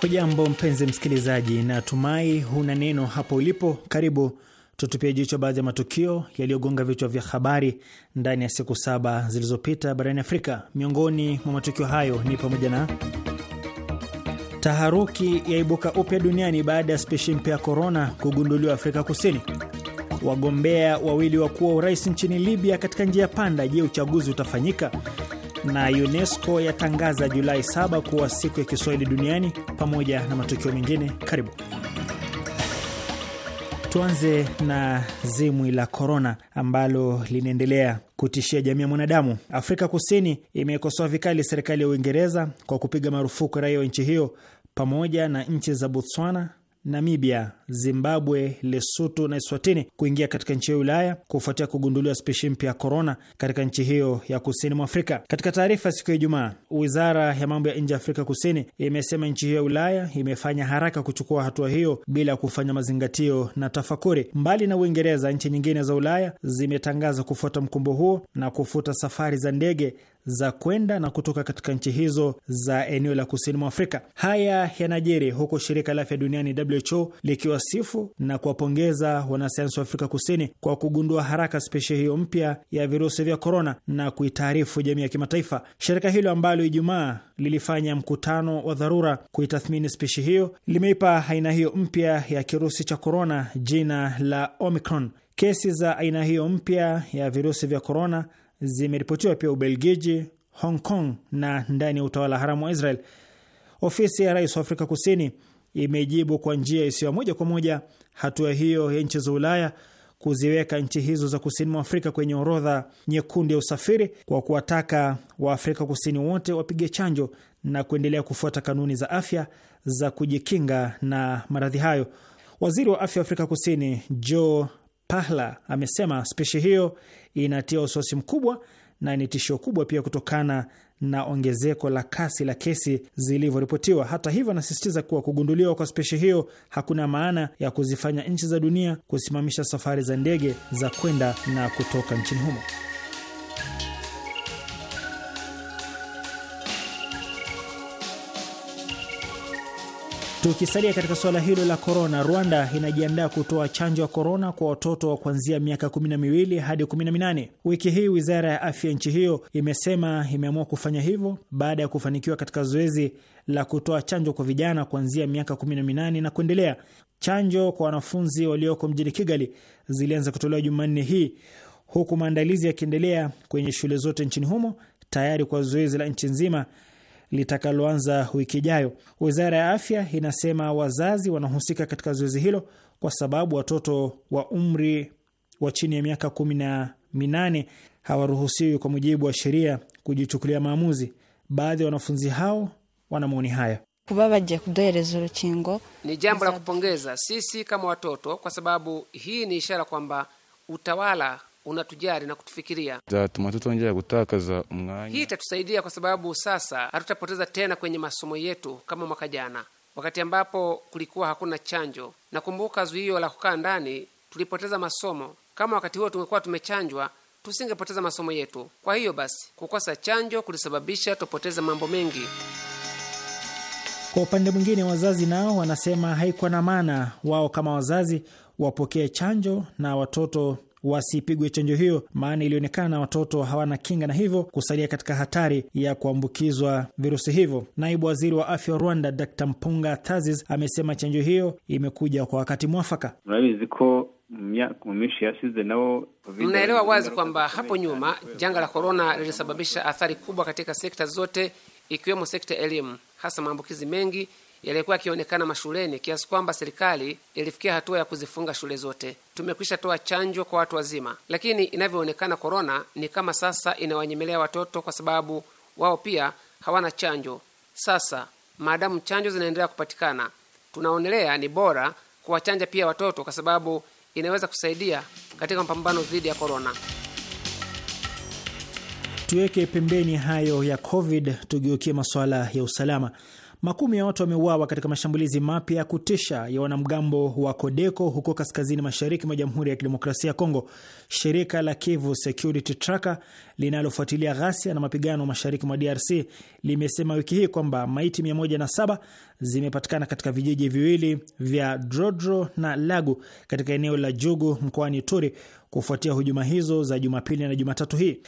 Hujambo mpenzi msikilizaji, na tumai huna neno hapo ulipo. Karibu tutupie jicho baadhi ya matukio yaliyogonga vichwa vya habari ndani ya siku saba zilizopita barani Afrika. Miongoni mwa matukio hayo ni pamoja na taharuki yaibuka upya duniani baada ya spishi mpya ya korona kugunduliwa Afrika Kusini, wagombea wawili wakuu wa urais nchini Libya katika njia panda. Je, uchaguzi utafanyika? na UNESCO yatangaza Julai 7 kuwa siku ya Kiswahili duniani pamoja na matukio mengine. Karibu. Tuanze na zimwi la korona ambalo linaendelea kutishia jamii ya mwanadamu. Afrika Kusini imekosoa vikali serikali ya Uingereza kwa kupiga marufuku raia wa nchi hiyo pamoja na nchi za Botswana, Namibia, Zimbabwe, Lesotho na Eswatini kuingia katika nchi ya Ulaya kufuatia kugunduliwa spishi mpya ya korona katika nchi hiyo ya kusini mwa Afrika. Katika taarifa siku ya Ijumaa, wizara ya mambo ya nje ya Afrika Kusini imesema nchi hiyo ya Ulaya imefanya haraka kuchukua hatua hiyo bila kufanya mazingatio na tafakuri. Mbali na Uingereza, nchi nyingine za Ulaya zimetangaza kufuata mkumbo huo na kufuta safari za ndege za kwenda na kutoka katika nchi hizo za eneo la kusini mwa Afrika. Haya yanajiri huku shirika la afya duniani WHO likiwasifu na kuwapongeza wanasayansi wa Afrika Kusini kwa kugundua haraka spishi hiyo mpya ya virusi vya korona na kuitaarifu jamii ya kimataifa. Shirika hilo ambalo Ijumaa lilifanya mkutano wa dharura kuitathmini spishi hiyo limeipa aina hiyo mpya ya kirusi cha korona jina la Omicron. Kesi za aina hiyo mpya ya virusi vya korona zimeripotiwa pia Ubelgiji, Hong Kong na ndani ya utawala haramu wa Israel. Ofisi ya rais wa Afrika Kusini imejibu kwa njia isiyo moja kwa moja hatua hiyo ya nchi za Ulaya kuziweka nchi hizo za kusini mwa Afrika kwenye orodha nyekundu ya usafiri kwa kuwataka Waafrika Kusini wote wapige chanjo na kuendelea kufuata kanuni za afya za kujikinga na maradhi hayo. Waziri wa afya wa Afrika Kusini Joe Pahla amesema spishi hiyo inatia wasiwasi mkubwa na ni tishio kubwa pia kutokana na ongezeko la kasi la kesi zilivyoripotiwa. Hata hivyo, anasisitiza kuwa kugunduliwa kwa spishi hiyo hakuna maana ya kuzifanya nchi za dunia kusimamisha safari za ndege za kwenda na kutoka nchini humo. Tukisalia katika suala hilo la korona, Rwanda inajiandaa kutoa chanjo ya korona kwa watoto wa kuanzia miaka kumi na miwili hadi kumi na minane. Wiki hii wizara ya afya nchi hiyo imesema imeamua kufanya hivyo baada ya kufanikiwa katika zoezi la kutoa chanjo kwa vijana kuanzia miaka kumi na minane na kuendelea. Chanjo kwa wanafunzi walioko mjini Kigali zilianza kutolewa Jumanne hii huku maandalizi yakiendelea kwenye shule zote nchini humo tayari kwa zoezi la nchi nzima litakaloanza wiki ijayo. Wizara ya afya inasema wazazi wanahusika katika zoezi hilo kwa sababu watoto wa umri wa chini ya miaka kumi na minane hawaruhusiwi kwa mujibu wa sheria kujichukulia maamuzi. Baadhi ya wanafunzi hao wana maoni haya. Ni jambo la kupongeza sisi kama watoto, kwa sababu hii ni ishara kwamba utawala unatujali na kutufikiria. Hii itatusaidia kwa sababu sasa hatutapoteza tena kwenye masomo yetu kama mwaka jana, wakati ambapo kulikuwa hakuna chanjo. Nakumbuka zuio la kukaa ndani, tulipoteza masomo. Kama wakati huo tungekuwa tumechanjwa tusingepoteza masomo yetu. Kwa hiyo basi, kukosa chanjo kulisababisha tupoteze mambo mengi. Kwa upande mwingine, wazazi nao wanasema haikuwa na maana wao kama wazazi wapokee chanjo na watoto wasipigwe chanjo hiyo, maana ilionekana watoto hawana kinga na hivyo kusalia katika hatari ya kuambukizwa virusi hivyo. Naibu waziri wa afya wa Rwanda Dr Mpunga Thazis amesema chanjo hiyo imekuja kwa wakati mwafaka. Mnaelewa wazi kwamba hapo nyuma janga la korona lilisababisha athari kubwa katika sekta zote, ikiwemo sekta ya elimu, hasa maambukizi mengi yaliyokuwa yakionekana mashuleni kiasi kwamba serikali ilifikia hatua ya kuzifunga shule zote. Tumekwisha toa chanjo kwa watu wazima, lakini inavyoonekana korona ni kama sasa inawanyemelea watoto, kwa sababu wao pia hawana chanjo. Sasa maadamu chanjo zinaendelea kupatikana, tunaonelea ni bora kuwachanja pia watoto, kwa sababu inaweza kusaidia katika mapambano dhidi ya korona. Tuweke pembeni hayo ya COVID, tugeukie masuala ya usalama. Makumi ya watu wameuawa katika mashambulizi mapya ya kutisha ya wanamgambo wa Kodeko huko kaskazini mashariki mwa Jamhuri ya Kidemokrasia ya Kongo. Shirika la Kivu Security Tracker linalofuatilia ghasia na mapigano mashariki mwa DRC limesema wiki hii kwamba maiti 107 zimepatikana katika vijiji viwili vya Drodro na Lagu katika eneo la Jugu mkoani Turi kufuatia hujuma hizo za Jumapili na Jumatatu hii.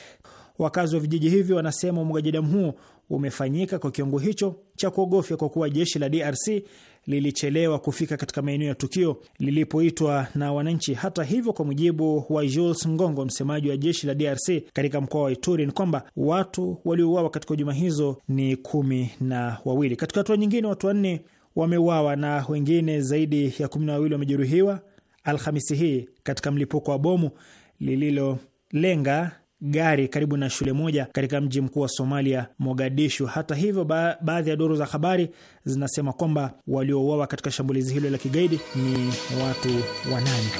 Wakazi wa vijiji hivyo wanasema umwagaji damu huo umefanyika kwa kiwango hicho cha kuogofya, kwa kuwa jeshi la DRC lilichelewa kufika katika maeneo ya tukio lilipoitwa na wananchi. Hata hivyo, kwa mujibu wa Jules Ngongo, msemaji wa jeshi la DRC katika mkoa wa Ituri, ni kwamba watu waliouawa katika hujuma hizo ni kumi na wawili. Katika hatua nyingine, watu wanne wameuawa na wengine zaidi ya kumi na wawili wamejeruhiwa Alhamisi hii katika mlipuko wa bomu lililolenga gari karibu na shule moja katika mji mkuu wa Somalia, Mogadishu. Hata hivyo, ba baadhi ya duru za habari zinasema kwamba waliouawa katika shambulizi hilo la kigaidi ni watu wanane.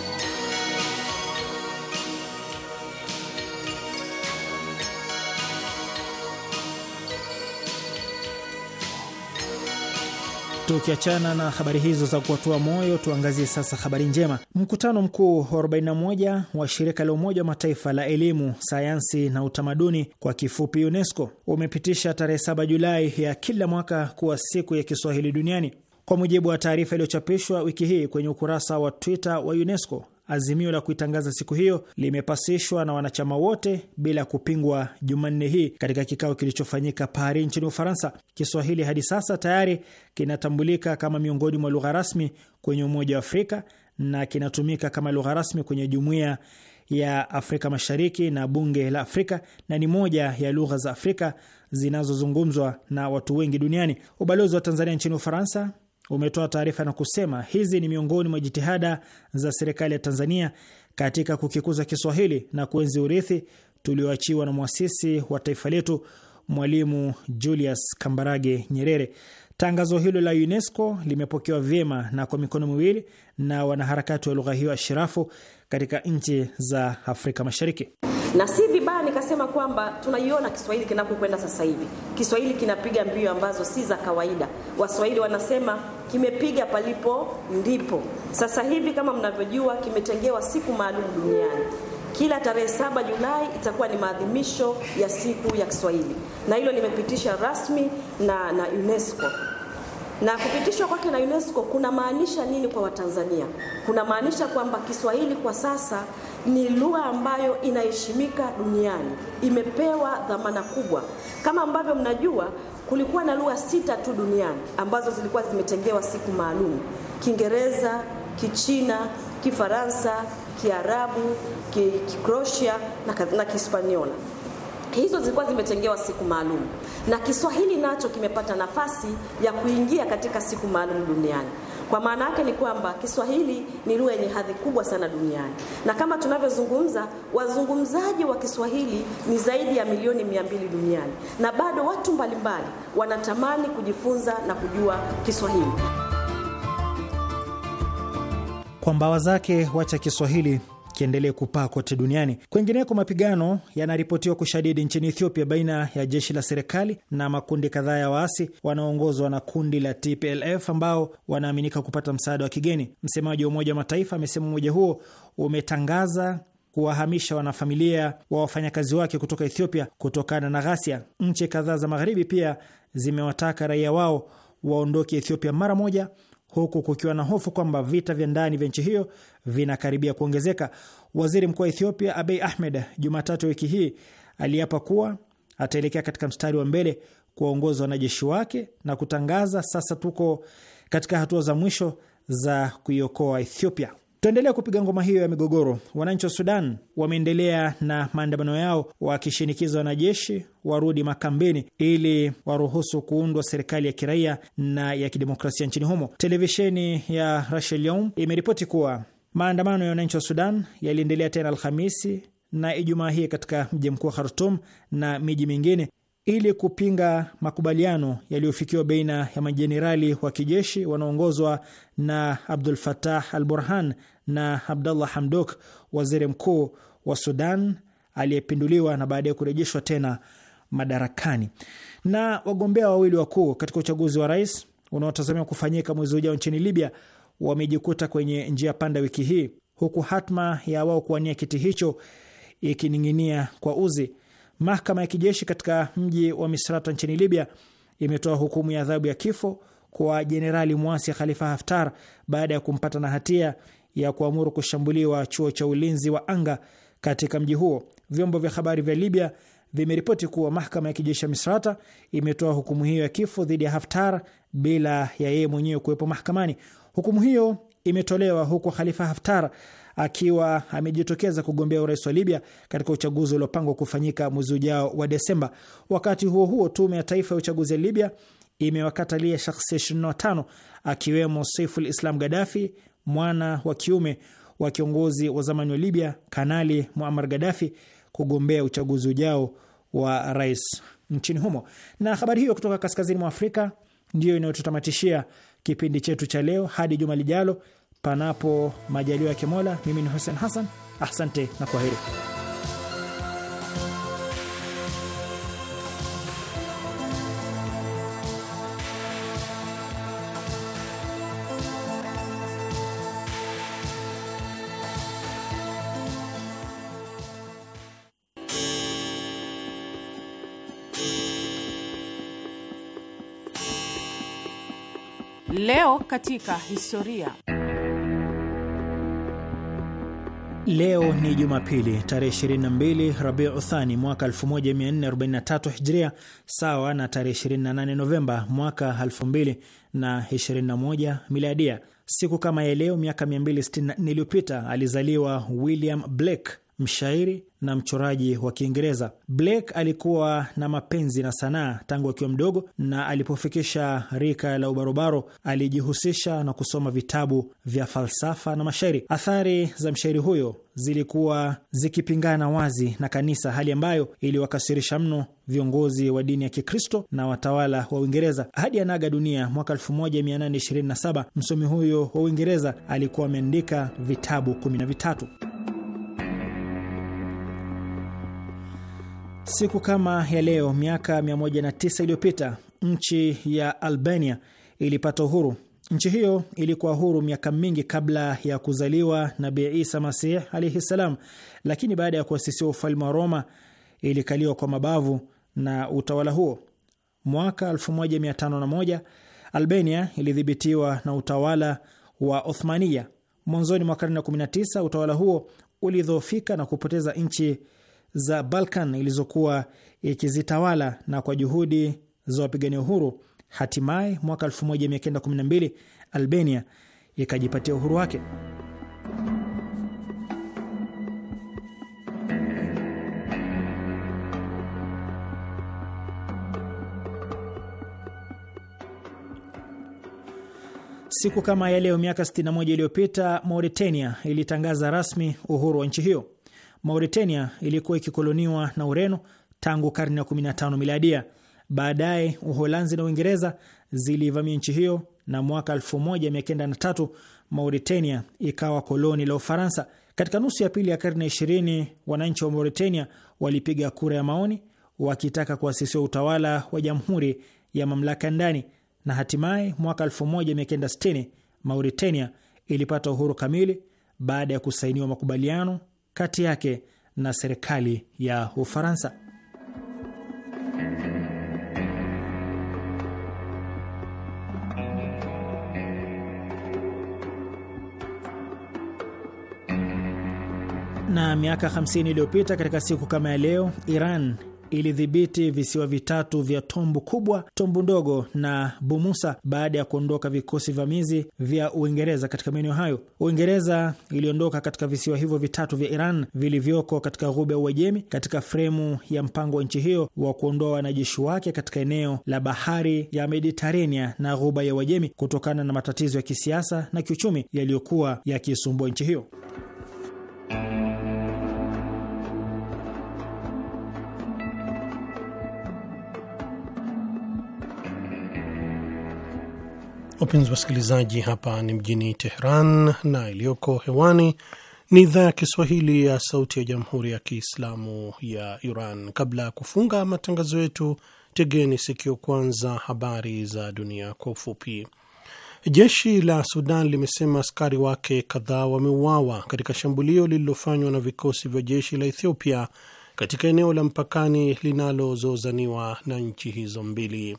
Tukiachana na habari hizo za kuwatua moyo, tuangazie sasa habari njema. Mkutano mkuu wa 41 wa shirika la Umoja wa Mataifa la elimu, sayansi na utamaduni kwa kifupi UNESCO umepitisha tarehe 7 Julai ya kila mwaka kuwa siku ya Kiswahili duniani. Kwa mujibu wa taarifa iliyochapishwa wiki hii kwenye ukurasa wa Twitter wa UNESCO, azimio la kuitangaza siku hiyo limepasishwa na wanachama wote bila kupingwa Jumanne hii katika kikao kilichofanyika Paris nchini Ufaransa. Kiswahili hadi sasa tayari kinatambulika kama miongoni mwa lugha rasmi kwenye Umoja wa Afrika na kinatumika kama lugha rasmi kwenye Jumuiya ya Afrika Mashariki na Bunge la Afrika na ni moja ya lugha za Afrika zinazozungumzwa na watu wengi duniani. Ubalozi wa Tanzania nchini Ufaransa umetoa taarifa na kusema hizi ni miongoni mwa jitihada za serikali ya Tanzania katika kukikuza Kiswahili na kuenzi urithi tulioachiwa na mwasisi wa taifa letu Mwalimu Julius Kambarage Nyerere. Tangazo hilo la UNESCO limepokewa vyema na kwa mikono miwili na wanaharakati wa lugha hiyo ashirafu katika nchi za Afrika Mashariki, na si vibaya nikasema kwamba tunaiona Kiswahili kinapokwenda sasa hivi Kiswahili kinapiga mbio ambazo si za kawaida. Waswahili wanasema kimepiga palipo ndipo. Sasa hivi kama mnavyojua, kimetengewa siku maalum duniani kila tarehe saba Julai itakuwa ni maadhimisho ya siku ya Kiswahili, na hilo limepitisha rasmi na, na UNESCO na kupitishwa kwake na UNESCO kuna maanisha nini kwa Watanzania? kuna maanisha kwamba Kiswahili kwa sasa ni lugha ambayo inaheshimika duniani, imepewa dhamana kubwa. Kama ambavyo mnajua, kulikuwa na lugha sita tu duniani ambazo zilikuwa zimetengewa siku maalum: Kiingereza, Kichina, Kifaransa, Kiarabu, Kikroshia na, na hizo zilikuwa zimetengewa siku maalum, na Kiswahili nacho kimepata nafasi ya kuingia katika siku maalum duniani. Kwa maana yake ni kwamba Kiswahili ni lugha yenye hadhi kubwa sana duniani, na kama tunavyozungumza, wazungumzaji wa Kiswahili ni zaidi ya milioni mia mbili duniani, na bado watu mbalimbali wanatamani kujifunza na kujua Kiswahili. Kwa mbawa zake, wacha Kiswahili kiendelee kupaa kote duniani. Kwengineko, mapigano yanaripotiwa kushadidi nchini Ethiopia baina ya jeshi la serikali na makundi kadhaa ya waasi wanaoongozwa na kundi la TPLF ambao wanaaminika kupata msaada wa kigeni. Msemaji wa Umoja wa Mataifa amesema umoja huo umetangaza kuwahamisha wanafamilia wa wafanyakazi wake kutoka Ethiopia kutokana na ghasia. Nchi kadhaa za magharibi pia zimewataka raia wao waondoke Ethiopia mara moja huku kukiwa na hofu kwamba vita vya ndani vya nchi hiyo vinakaribia kuongezeka. Waziri mkuu wa Ethiopia Abiy Ahmed Jumatatu wiki hii aliapa kuwa ataelekea katika mstari wa mbele kuwaongoza wanajeshi wake na kutangaza, sasa tuko katika hatua za mwisho za kuiokoa Ethiopia. Tuendelea kupiga ngoma hiyo ya migogoro. Wananchi wa Sudan wameendelea na maandamano yao wakishinikiza wanajeshi warudi makambini ili waruhusu kuundwa serikali ya kiraia na ya kidemokrasia nchini humo. Televisheni ya Rashelium imeripoti kuwa maandamano ya wananchi wa Sudan yaliendelea tena Alhamisi na Ijumaa hii katika mji mkuu wa Khartum na miji mingine ili kupinga makubaliano yaliyofikiwa baina ya majenerali wa kijeshi wanaoongozwa na Abdul Fatah al Burhan na Abdallah Hamdok, waziri mkuu wa Sudan aliyepinduliwa na baadaye kurejeshwa tena madarakani, na wagombea wawili wakuu katika uchaguzi wa rais unaotazamiwa kufanyika mwezi ujao nchini Libya wamejikuta kwenye njia panda wiki hii, huku hatma ya wao kuwania kiti hicho ikining'inia kwa uzi. Mahakama ya kijeshi katika mji wa Misrata nchini Libya imetoa hukumu ya adhabu ya kifo kwa jenerali mwasi Khalifa Haftar baada ya kumpata na hatia ya kuamuru kushambuliwa chuo cha ulinzi wa anga katika mji huo. Vyombo vya habari vya Libya vimeripoti kuwa mahakama ya kijeshi ya Misrata imetoa hukumu hiyo ya kifo dhidi ya Haftar bila ya yeye mwenyewe kuwepo mahakamani. Hukumu hiyo imetolewa huku Khalifa Haftar akiwa amejitokeza kugombea urais wa Libya katika uchaguzi uliopangwa kufanyika mwezi ujao wa Desemba. Wakati huo huo, tume ya taifa ya uchaguzi ya Libya imewakatalia shakhsia 25 akiwemo Saiful Islam Gaddafi, mwana wa kiume wa kiongozi wa zamani wa Libya Kanali Muammar Gaddafi kugombea uchaguzi ujao wa rais nchini humo. Na habari hiyo kutoka kaskazini mwa Afrika ndiyo inayotutamatishia kipindi chetu cha leo. Hadi juma lijalo panapo majaliwa yake Mola. Mimi ni Hussein Hassan, asante na kwaheri. Leo katika historia Leo ni Jumapili tarehe 22 Rabiu Thani mwaka 1443 Hijria, sawa na tarehe 28 Novemba mwaka 2021 Miladia. Siku kama ya leo miaka 264 iliyopita alizaliwa William Blake, mshairi na mchoraji wa Kiingereza. Blake alikuwa na mapenzi na sanaa tangu akiwa mdogo, na alipofikisha rika la ubarobaro alijihusisha na kusoma vitabu vya falsafa na mashairi. Athari za mshairi huyo zilikuwa zikipingana wazi na kanisa, hali ambayo iliwakasirisha mno viongozi wa dini ya Kikristo na watawala wa Uingereza. Hadi anaga dunia mwaka 1827, msomi huyo wa Uingereza alikuwa ameandika vitabu vitatu Siku kama ya leo miaka 109 iliyopita nchi ya Albania ilipata uhuru. Nchi hiyo ilikuwa huru miaka mingi kabla ya kuzaliwa nabi Isa Masih alaihi ssalam, lakini baada ya kuasisiwa ufalme wa Roma ilikaliwa kwa mabavu na utawala huo. Mwaka 1501 Albania ilidhibitiwa na utawala wa Othmania. Mwanzoni mwa karne ya 19 utawala huo ulidhoofika na kupoteza nchi za Balkan ilizokuwa ikizitawala na kwa juhudi za wapigania uhuru, hatimaye mwaka 1912 Albania ikajipatia uhuru wake. Siku kama ya leo miaka 61 iliyopita Mauritania ilitangaza rasmi uhuru wa nchi hiyo. Mauritania ilikuwa ikikoloniwa na Ureno tangu karne ya 15 miladia. Baadaye Uholanzi na Uingereza zilivamia nchi hiyo na mwaka 1903 Mauritania ikawa koloni la Ufaransa. Katika nusu ya pili ya karne ya 20 wananchi wa Mauritania walipiga kura ya maoni wakitaka kuasisiwa utawala wa jamhuri ya mamlaka ndani, na hatimaye mwaka 1960 Mauritania ilipata uhuru kamili baada ya kusainiwa makubaliano kati yake na serikali ya Ufaransa. Na miaka 50 iliyopita katika siku kama ya leo, Iran ilidhibiti visiwa vitatu vya Tombu Kubwa, Tombu Ndogo na Bumusa baada ya kuondoka vikosi vamizi vya Uingereza katika maeneo hayo. Uingereza iliondoka katika visiwa hivyo vitatu vya Iran vilivyoko katika ghuba ya Uajemi katika fremu ya mpango wa nchi hiyo wa kuondoa wanajeshi wake katika eneo la bahari ya Mediterania na ghuba ya Uajemi kutokana na matatizo ya kisiasa na kiuchumi yaliyokuwa yakisumbua nchi hiyo. Wapenzi wasikilizaji, hapa ni mjini Teheran na iliyoko hewani ni idhaa ya Kiswahili ya Sauti ya Jamhuri ya Kiislamu ya Iran. Kabla ya kufunga matangazo yetu, tegeni sikio kwanza habari za dunia kwa ufupi. Jeshi la Sudan limesema askari wake kadhaa wameuawa katika shambulio lililofanywa na vikosi vya jeshi la Ethiopia katika eneo la mpakani linalozozaniwa na nchi hizo mbili.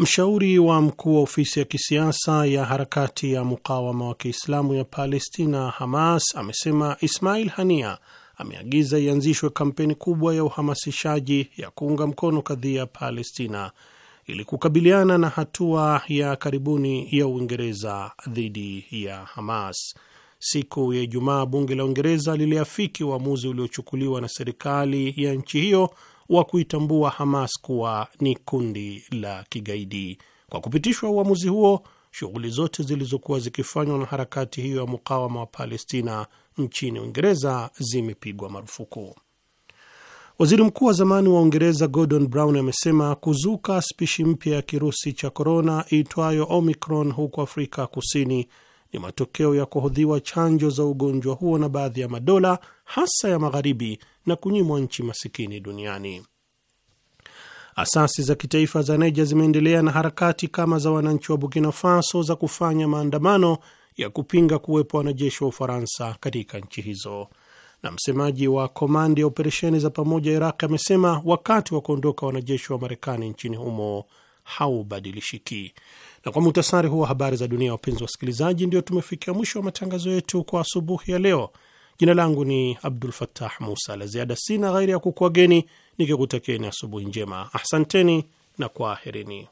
Mshauri wa mkuu wa ofisi ya kisiasa ya harakati ya mukawama wa Kiislamu ya Palestina, Hamas, amesema Ismail Hania ameagiza ianzishwe kampeni kubwa ya uhamasishaji ya kuunga mkono kadhia Palestina ili kukabiliana na hatua ya karibuni ya Uingereza dhidi ya Hamas. Siku ya Ijumaa, bunge la Uingereza liliafiki uamuzi uliochukuliwa na serikali ya nchi hiyo wa kuitambua Hamas kuwa ni kundi la kigaidi. Kwa kupitishwa uamuzi huo, shughuli zote zilizokuwa zikifanywa na harakati hiyo ya mukawama wa Palestina nchini Uingereza zimepigwa marufuku. Waziri mkuu wa zamani wa Uingereza Gordon Brown amesema kuzuka spishi mpya ya kirusi cha korona iitwayo Omicron huko Afrika Kusini ni matokeo ya kuhodhiwa chanjo za ugonjwa huo na baadhi ya madola hasa ya Magharibi na kunyimwa nchi masikini duniani. Asasi za kitaifa za Niger zimeendelea na harakati kama za wananchi wa Burkina Faso za kufanya maandamano ya kupinga kuwepo wanajeshi wa Ufaransa katika nchi hizo. Na msemaji wa komandi ya operesheni za pamoja Iraq amesema wakati wa kuondoka wanajeshi wa Marekani nchini humo haubadilishiki. Na kwa muhtasari huo habari za dunia, wapenzi wasikilizaji, ndio tumefikia mwisho wa matangazo yetu kwa asubuhi ya leo. Jina langu ni Abdul Fattah Musa. La ziada sina ghairi ya kukuageni nikikutakeni asubuhi njema. Asanteni na kwaherini.